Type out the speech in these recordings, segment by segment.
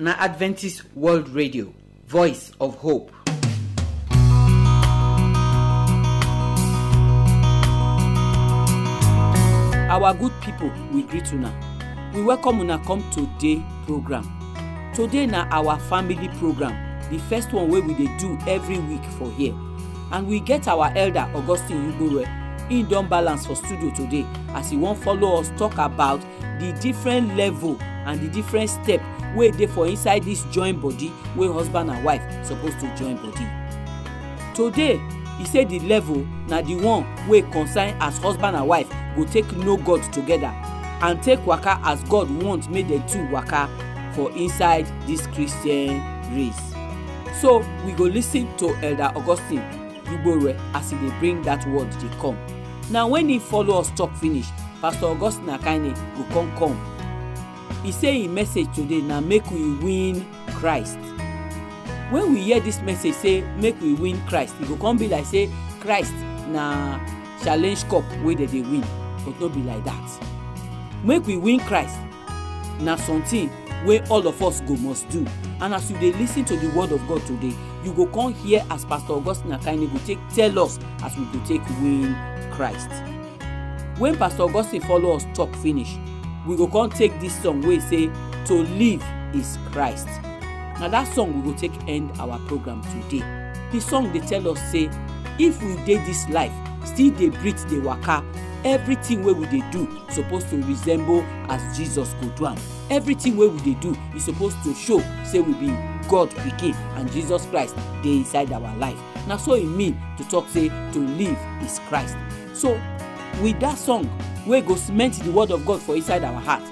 na adventist world radio voice of hope our good people we greet una we welcome una come today program today na our family program the first one wey we dey do every week for here and we get our elder augustine ugboro he don balance for studio today as he wan follow us talk about the different level and the different step wey dey for inside this join body wey husband and wife suppose to join body today e say the level na the one wey concern as husband and wife go take know god together and take waka as god want make dem two waka for inside this christian race so we go lis ten to elder augustine dugbore as he dey bring that word dey come na when he follow us talk finish pastor augustine akane go come come e say im message today na make we win christ when we hear this message say make we win christ e go come be like say christ na challenge cup wey dem dey win but no be like that make we win christ na something wey all of us go must do and as you dey lis ten to the word of god today you go come hear as pastor augustine akane go take tell us as we go take win christ when pastor augustine follow us talk finish we go come take this song wey say to live is christ na that song we go take end our program today di song dey tell us say if we dey this life still dey breathe dey waka everything wey we dey do suppose to resemble as jesus go do am everything wey we dey do e suppose to show say we be god pikin and jesus christ dey inside our life na so e mean to talk say to live is christ so with that song wey go cement the word of god for inside our heart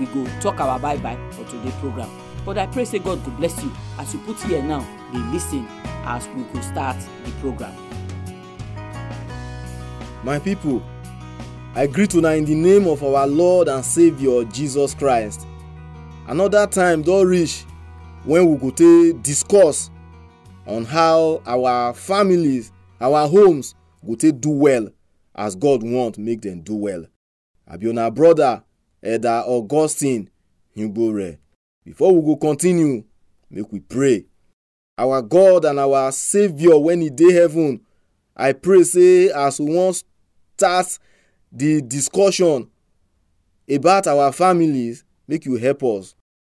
we go talk our bye bye for today program but i pray say god go bless you as you put ear now dey lis ten as we go start the program. my people i greet una in the name of our lord and saviour jesus christ another time don reach when we go take discuss on how our families our homes go take do well as god want make dem do well abi una brother elder augustine ngbore before we go continue make we pray our god and our Savior, when he dey heaven i pray say as we wan start the discussion about our families make you help us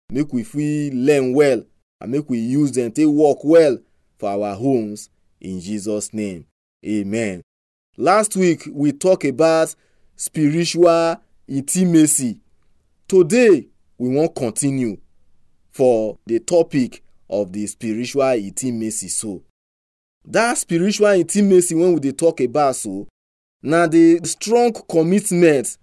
make we fit learn well and make we use dem take work well for our homes in jesus name amen Last week we talked about spiritual intimacy. Today we wan continue for the topic of the spiritual intimacy so. That spiritual intimacy wey we dey talk about so na the strong commitment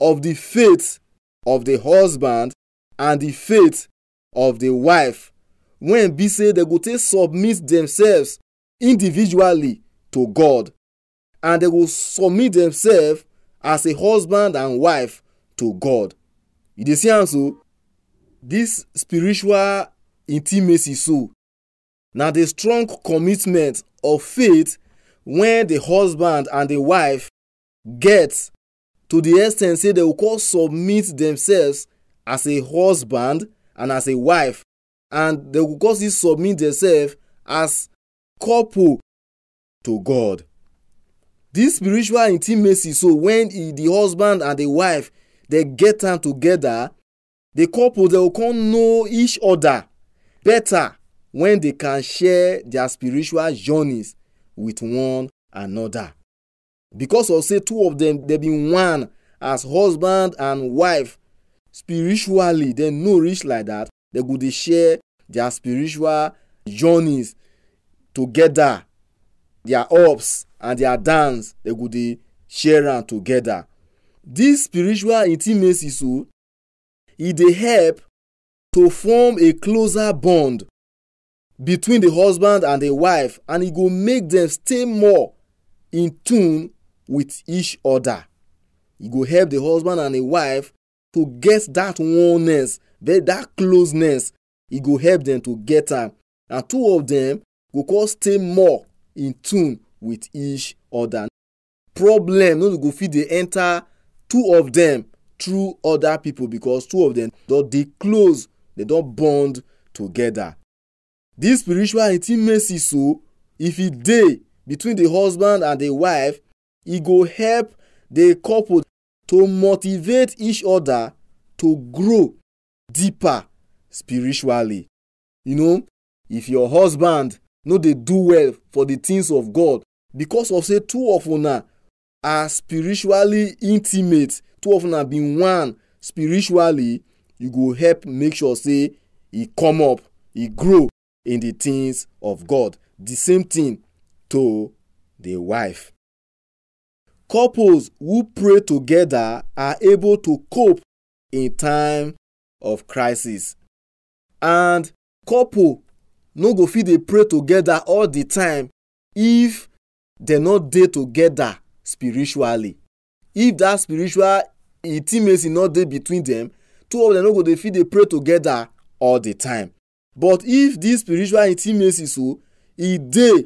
of the faith of the husband and the faith of the wife when be say dem go take submit themselves individually to God and they will submit themselves as a husband and wife to God. You dey see am so? This spiritual intimacy so na the strong commitment of faith when the husband and the wife get to the extent say they will come submit themselves as a husband and as a wife and they will come still submit themselves as couple to God this spiritual intimacy so when he, the husband and the wife dey get am together the couple dey come know each other better when they can share their spiritual journeys with one another because of say two of them dey be one as husband and wife spiritually dem no reach like that dem go dey share their spiritual journeys together their ups and their downs they go dey share am together. this spiritual intimacy so e dey help to form a closer bond between the husband and the wife and e go make them stay more in tune with each other e go help the husband and the wife to get that oneness that closeness e go help them to get am and two of them go come stay more in tune with each other problem no go fit dey enter two of dem through other people because two of dem don dey close dem don bond together this spiritual intimacy so if e dey between the husband and the wife e go help the couple to motivate each other to grow deeper spiritually you know if your husband no dey do well for the things of god because of say two of una are spiritually intimate two of una been one spiritually you go help make sure say e come up e grow in the things of god the same thing to the wife couples who pray together are able to cope in time of crisis and couple no go fit dey pray together all the time if dem no dey together spiritually if that spiritual intimacy no dey between them, two of them no go dey fit dey pray together all the time but if this spiritual intimacy so e dey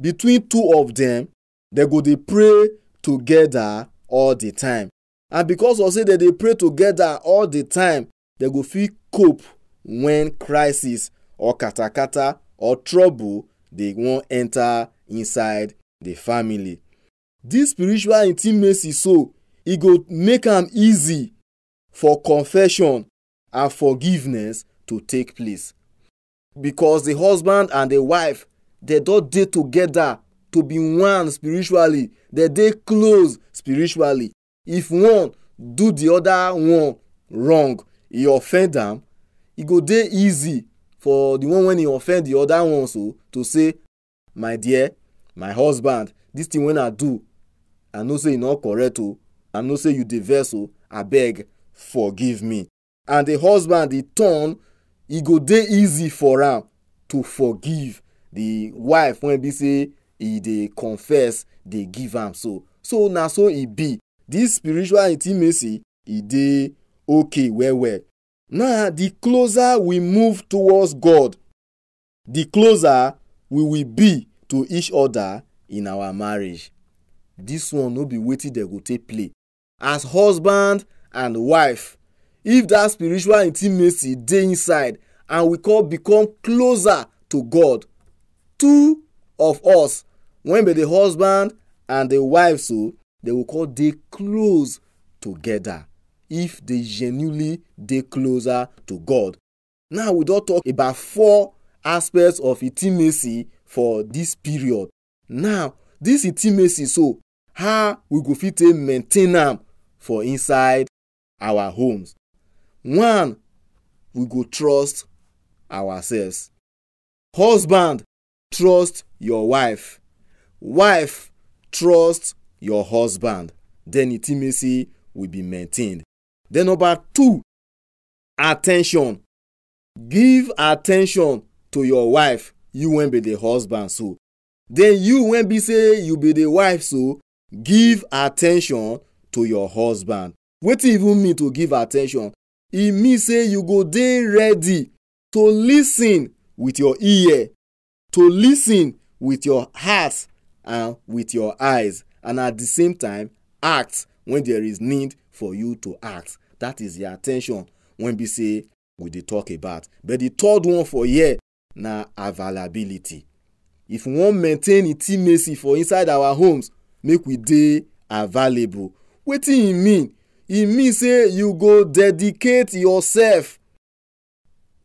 between two of them, they go dey pray together all the time and because of say dem dey pray together all the time they go fit cope when crisis or katakata or trouble, they won't enter inside the family. This spiritual intimacy, so e go make am easy for confession and forgiveness to take place. Because the husband and the wife, they don dey together to be one spiritually, they dey close spiritually. If one do the other one wrong, e offend am, e go dey easy for the one when he offend the other one so oh, to say my dear my husband this thing wey i do i know say e no correct o oh. i know say you dey vex o oh. abeg forgive me and the husband e turn e go dey easy for am to forgive the wife wey e be say e dey confess dey give am so so na so e be this spiritual intimacy e dey okay well well Now, the closer we move towards God, the closer we will be to each other in our marriage. This one no be waiting dem go take play. As husband and wife, if that spiritual intimacy dey inside and we come become closer to God, two of us, when be the husband and the wife so, they will call dey close together if they genuinely dey closer to God. Now we don talk about four aspects of intimacy for this period. Now this intimacy so how we go fit take maintain am for inside our homes. One, we go trust ourselves. Husband, trust your wife. Wife, trust your husband. Then intimacy will be maintained. Then number two, attention. Give attention to your wife. You won't be the husband, so. Then you won't be say you be the wife, so give attention to your husband. Wetin even mean to give attention? E mean say you go dey ready to listen with your ear, to listen with your heart and with your eyes, and at the same time act when there is need for you to act that is their attention when be say we dey talk about but the third one for here na availability if we wan maintain intimacy for inside our homes make we dey available wetin e mean e mean say you go dedicate yourself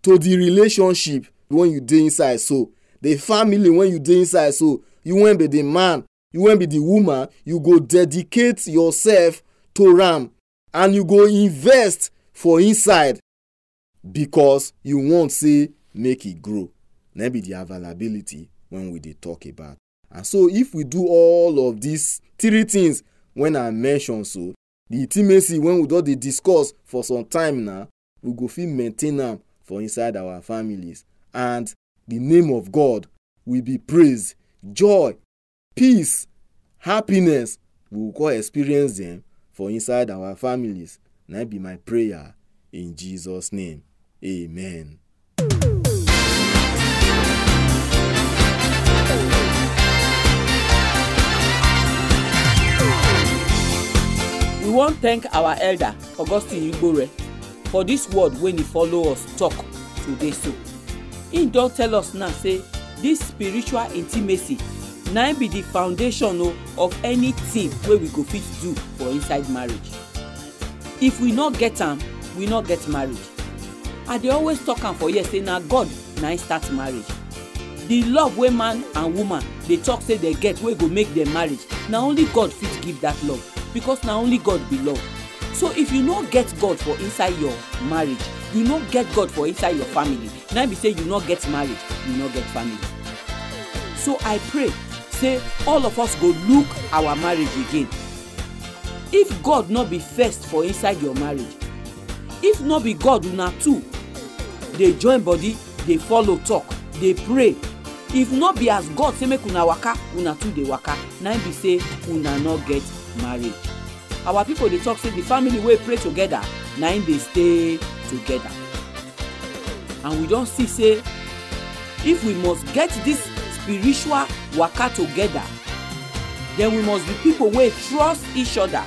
to the relationship when you dey inside so the family when you dey inside so you wan be the man you wan be the woman you go dedicate yourself to am and you go invest for inside because you want say make e grow na be the availability when we dey talk about and so if we do all of these three things when i mention so the intimacy when we don dey discuss for some time now we go fit maintain am for inside our families and the name of god will be praised joy peace happiness we go experience them for inside our families. Na be my prayer in Jesus' name. Amen. We wan thank our elder Augustine Igbore for this word wey he follow us talk today so. He don tell us now say this spiritual intimacy na im be the foundation o oh, of anything wey we go fit do for inside marriage if we no get am we no get marriage i dey always talk am for here say na god na im start marriage the love wey man and woman dey talk say dey get wey go make dem marriage na only god fit give that love because na only god be love so if you no get god for inside your marriage you no get god for inside your family na be say you no get marriage you no get family so i pray say all of us go look our marriage again if god no be first for inside your marriage if no be god una two dey join body dey follow talk dey pray if no be as god say make una waka una two dey waka na im be say una no get marriage our people dey talk say the family wey pray together na im dey stay together and we don see say if we must get this spiritual waka together then we must be people wey trust each other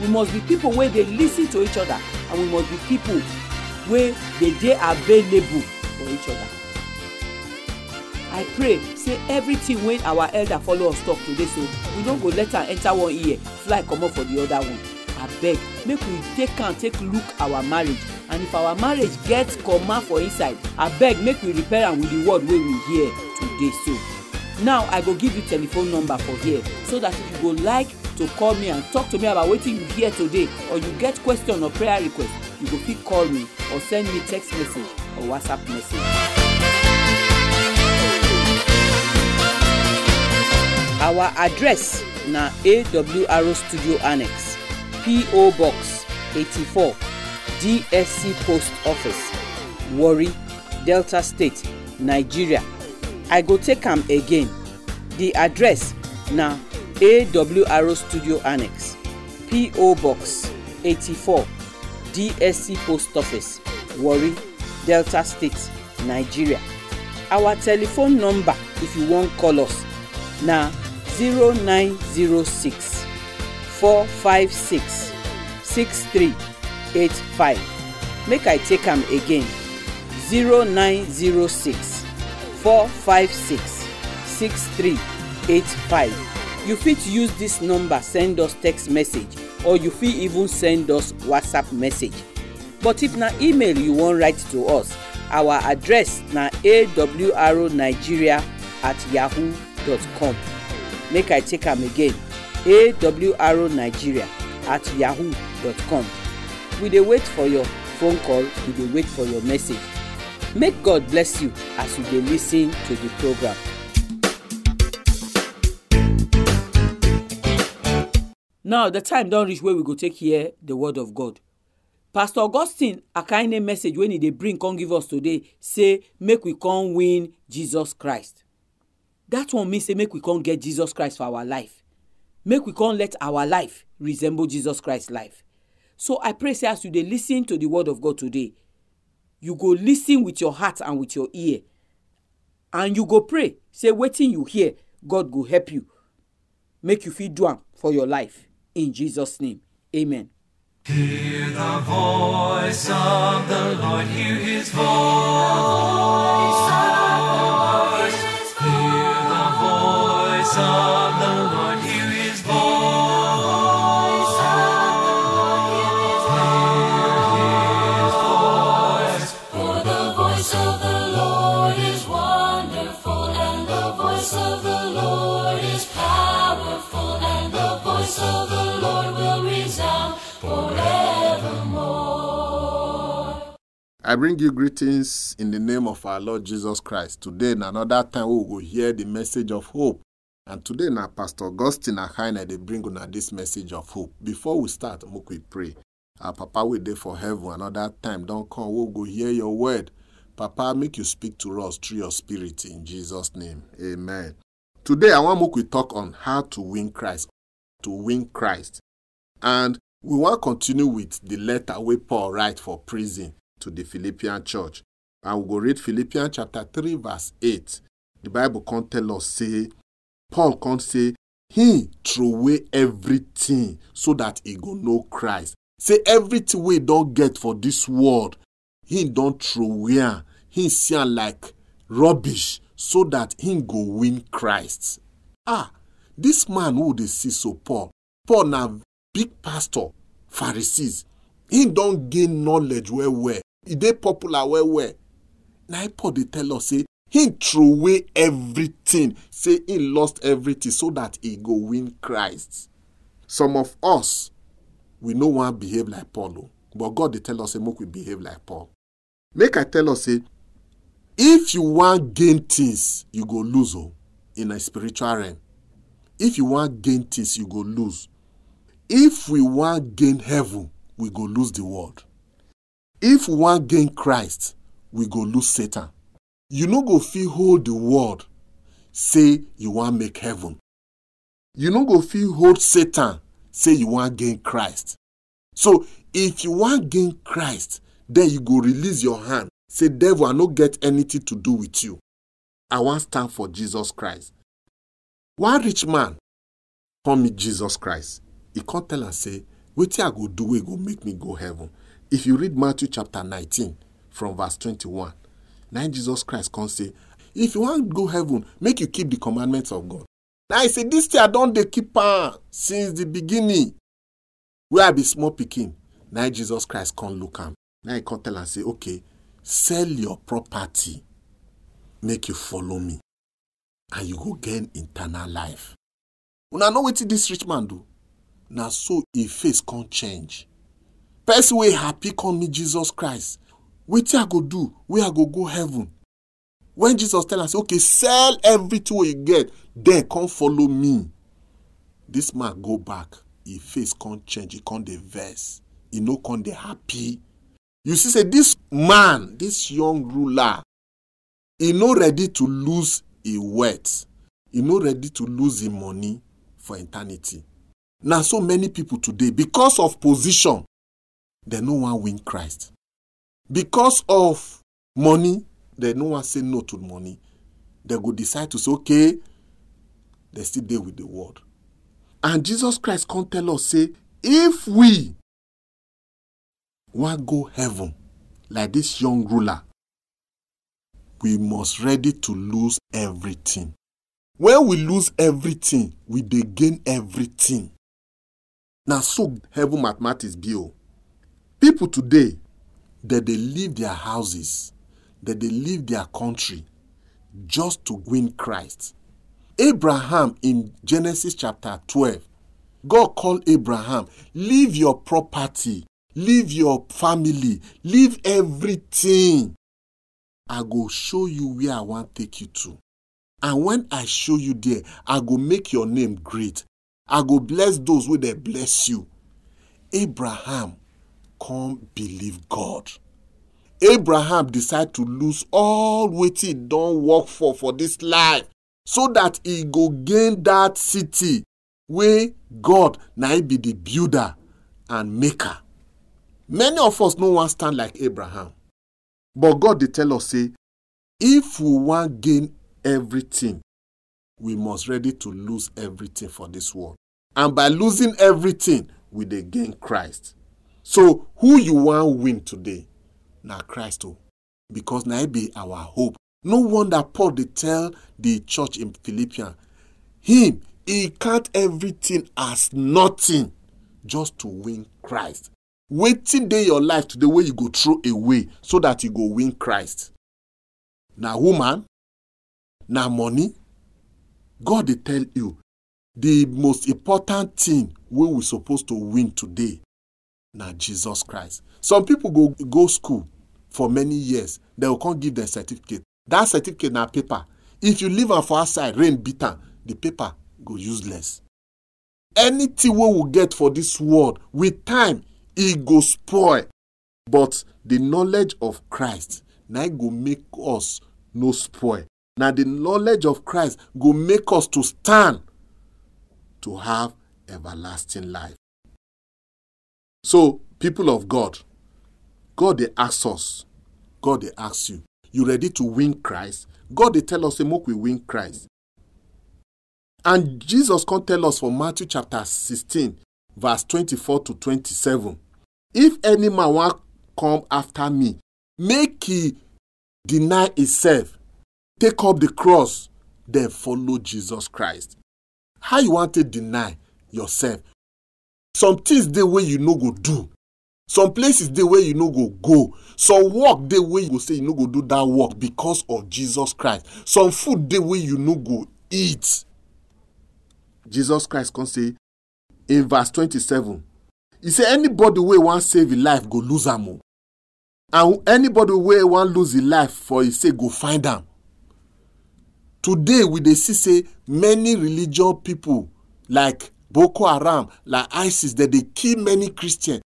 we must be people wey dey lis ten to each other and we must be people wey dey dey available for each other i pray say everything wey our elder follow us talk today so we no go let am enter one ear fly comot for the other one abeg make we take am take look our marriage and if our marriage get comma for inside abeg make we repair am with the word wey we hear today so now i go give you telephone number for here so that if you go like to call me and talk to me about wetin you hear today or you get question or prayer request you go fit call me or send me text message or whatsapp message. our address na awr studio annex po box eighty-four dsc post office warri delta state nigeria i go take am again The address na awr studio annex p.o box 84 dsc post office warri delta state nigeria our telephone number if you wan call us na zero zero nine six six six four five three eight five. make i take am again Zero zero nine six four five six six three eight five you fit use this number send us text message or you fit even send us whatsapp message but if na email you wan write to us our address na awrnigeria at yahoo dot com make i take am again awrnigeria at yahoo dot com we dey wait for your phone call we dey wait for your message May God bless you as you dey lis ten to the program. Now the time don reach wey we go take hear the word of God. Pastor Augustine Akaine message wey he dey bring come give us today say make we come win Jesus Christ. That one mean say make we come get Jesus Christ for our life. Make we come let our life resemble Jesus Christ's life. So I pray say as you dey lis ten to the word of God today, you go listen with your heart and with your ear and you go pray say waiting you hear god go help you make you feel do am for your life in jesus name amen. Hear the voice of the Lord, hear his voice. Hear the voice of the Lord, I bring you greetings in the name of our Lord Jesus Christ. Today, in another time, we will hear the message of hope. And today, now Pastor Augustine Akaina, they bring on this message of hope. Before we start, make we pray. Our Papa, we there for heaven. Another time, don't come. We'll go hear your word. Papa, make you speak to us through your spirit in Jesus' name. Amen. Today, I want we talk on how to win Christ. To win Christ. And we want to continue with the letter we Paul write for prison to the Philippian church. And we go read Philippians chapter 3, verse 8. The Bible can't tell us, say, Paul can't say, he throw away everything so that he go know Christ. Say everything we don't get for this world, he don't throw away. He see like rubbish so that he go win Christ. Ah, this man who they see so Paul, Paul now big pastor, Pharisees. He don't gain knowledge where where. e dey popular well well na paul dey tell us say him throway everything say him lost everything so that he go win christ some of us we no wan behave like paul o but god dey tell us say make we behave like paul make i tell us say if you wan gain things you go lose o in a spiritual realm if you wan gain things you go lose if we wan gain heaven we go lose the world if we wan gain christ we go lose satan you no go fit hold the world say you wan make heaven you no go fit hold satan say you wan gain christ so if you wan gain christ then you go release your hand say devil i no get anything to do with you i wan stand for jesus christ one rich man come meet jesus christ He come tell am say wetin i go do wey go make me go heaven If you read Matthew chapter nineteen from verse twenty-one, now Jesus Christ can say, If you want go heaven, make you keep the commandments of God. Now I say, This thing I don't they keep on since the beginning. Where I be small picking. Now Jesus Christ can look am. Now he can tell and say, Okay, sell your property, make you follow me, and you go gain eternal life. Una know wetin dis rich man do? Na so e face come change person wey happy come meet jesus christ wetin i go do wey i go go heaven when jesus tell am say okay sell everything wey you get then come follow me this man go back e face come change e come dey vex e no come dey happy you see say this man this young ruler e no ready to lose e wealth e no ready to lose e money for eternity na so many people today because of position dem no wan win christ because of money dem no wan say no to money They go decide to say okay They still dey with the world and jesus christ come tell us say if we wan go heaven like this young ruler we must ready to lose everything when we lose everything we dey gain everything na so heaven mathematics be o oh. People today, that they leave their houses, that they leave their country just to win Christ. Abraham in Genesis chapter 12, God called Abraham, leave your property, leave your family, leave everything. I go show you where I want to take you to. And when I show you there, I go make your name great. I go bless those who they bless you. Abraham come believe God. Abraham decide to lose all don't work for for this life so that he go gain that city where God na be the builder and maker. Many of us no one stand like Abraham but God dey tell us say if we want gain everything we must ready to lose everything for this world and by losing everything we gain Christ. So who you want win today? Now Christ, oh, because now be our hope. No wonder Paul they tell the church in Philippians, him he count everything as nothing just to win Christ. Waiting day your life to the way you go throw away so that you go win Christ. Now woman, now money, God they tell you the most important thing we we supposed to win today na jesus christ some people go go school for many years They go come give dem certificate that certificate na paper if you leave am for outside rain beat am the paper go useless anything wey we get for this world with time e go spoil but the knowledge of christ na e go make us no spoil na the knowledge of christ go make us to stand to have everlasting life So, people of God, God they ask us, God they ask you, you ready to win Christ? God they tell us, make we win Christ. And Jesus can tell us from Matthew chapter 16, verse 24 to 27. If any man want come after me, make he deny himself, take up the cross, then follow Jesus Christ. How you want to deny yourself? some things dey wey you no go do some places dey wey you no go go some work dey wey you go say you no go do that work because of jesus christ some food dey wey you no go eat jesus christ come say in verse twenty-seven he say anybody wey wan save him life go lose am o and anybody wey wan lose him life for him sake go find am today we dey see say many religious people like boko haram like isis that dey kill many christians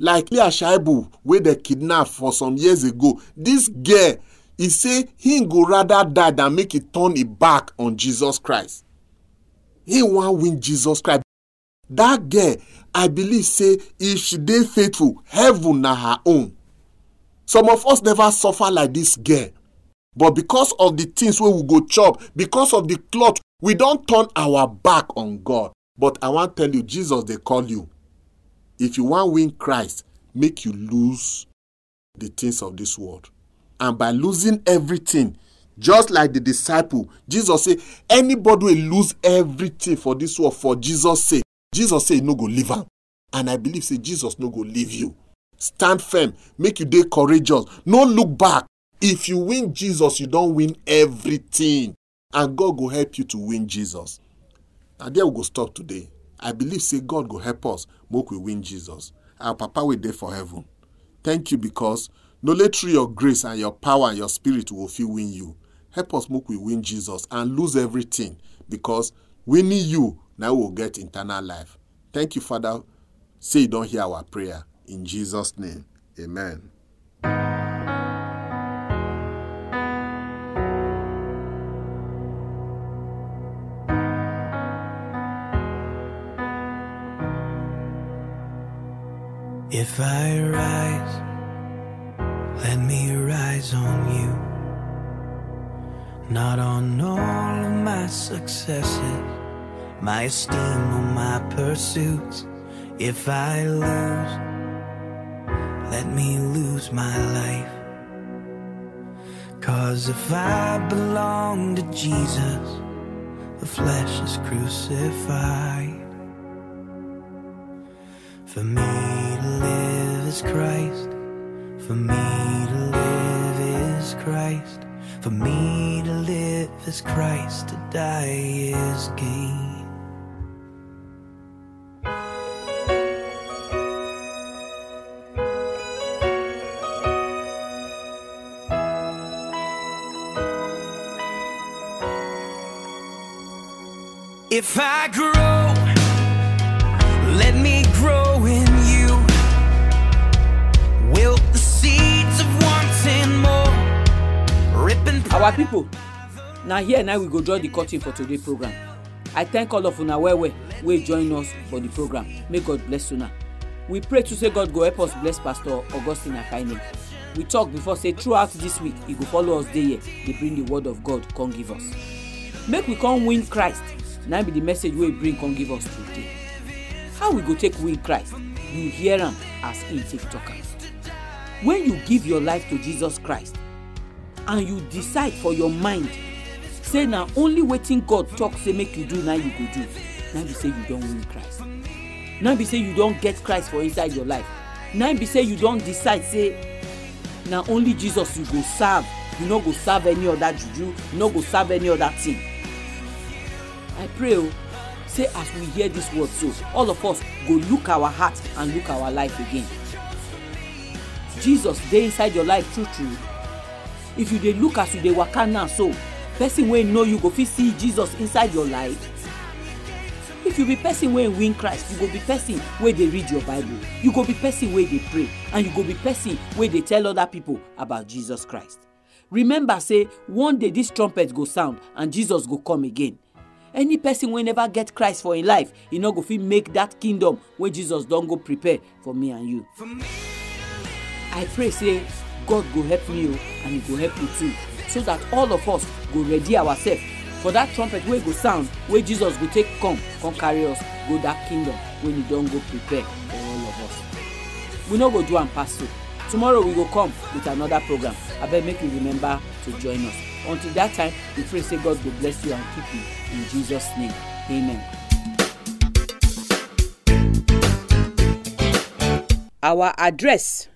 like leah shaibu where they kidnapped for some years ago This girl he say he go rather die than make it turn it back on jesus christ he want win jesus christ That girl i believe say if she dey faithful heaven na her own some of us never suffer like this girl but because of the things where we go chop because of the cloth we don't turn our back on god But I wan tell you, Jesus They call you. If you wan win Christ, make you lose the things of this world. And by losing everything, just like the disciple, Jesus say, anybody will lose everything for this world for Jesus' sake. Jesus say, no go leave him, And I believe say Jesus no go leave you. Stand firm, make you day courageous, no look back. If you win Jesus, you don't win everything. And God will help you to win Jesus. na there we go stop today i believe say god go help us make we win jesus our papa wey dey for heaven thank you because no let through your grace and your power and your spirit will fill fit win you help us make we win jesus and lose everything because winning you na we will get eternal life thank you father say you don hear our prayer in jesus name amen. If I rise, let me rise on you. Not on all of my successes, my esteem or my pursuits. If I lose, let me lose my life. Cause if I belong to Jesus, the flesh is crucified. For me, is Christ. For me to live is Christ. For me to live is Christ. To die is gain. If I grow our people, na here na we go draw the curtain for today program i thank all of una well well wey join us for the program may god bless una we pray to say god go help us bless pastor augustine akaine we talk before say throughout this week he go follow us dey here dey bring the word of god come give us make we come win christ na be the message wey he bring come give us today how we go take win christ you hear am as him take talk am when you give your life to jesus christ and you decide for your mind say na only wetin god talk say make you do na you go do na be say you don win christ na be say you don get christ for inside your life na be say you don decide say na only jesus you go serve you no go serve any other juju you no go serve any other thing i pray o oh, say as we hear this word so all of us go look our heart and look our life again jesus dey inside your life true true if you dey look as you dey waka now so person wey know you go fit see jesus inside your life if you be person wey win christ you go be person wey dey read your bible you go be person wey dey pray and you go be person wey dey tell other people about jesus christ remember say one day this trumpet go sound and jesus go come again any person wey never get christ for im life e no go fit make that kingdom wey jesus don go prepare for me and you. i pray say God go help me o oh, and he go help you too so that all of us go ready ourselves for that trumpet wey go sound wey Jesus go take come come carry us go that kingdom wey he don go prepare for all of us we no go do am pass so tomorrow we go come with another program abeg make you remember to join us until that time we pray say God go bless you and keep you in Jesus name amen. Our address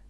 0244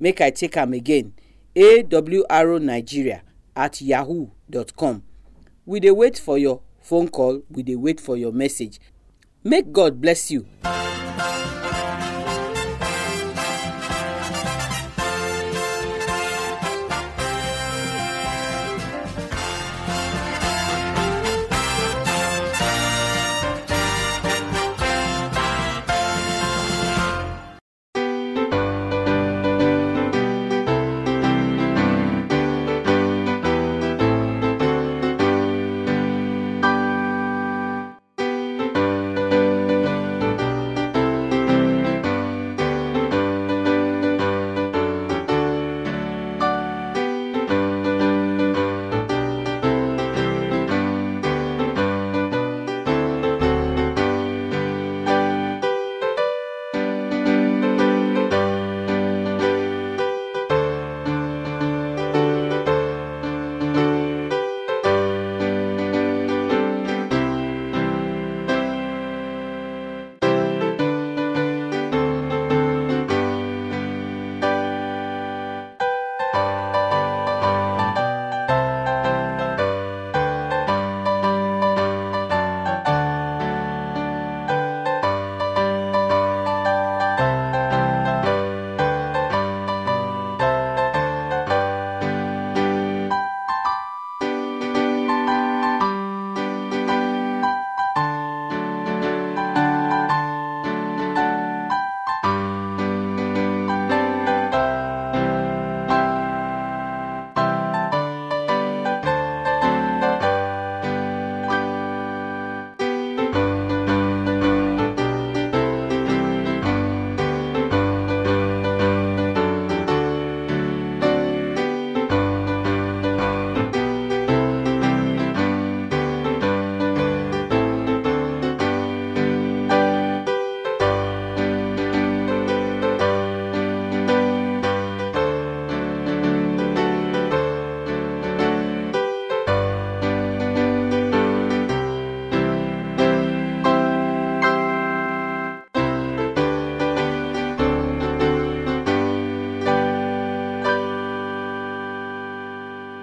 make i take am again awro nigeria at yahoo dot com we dey wait for your phone call we dey wait for your message make god bless you.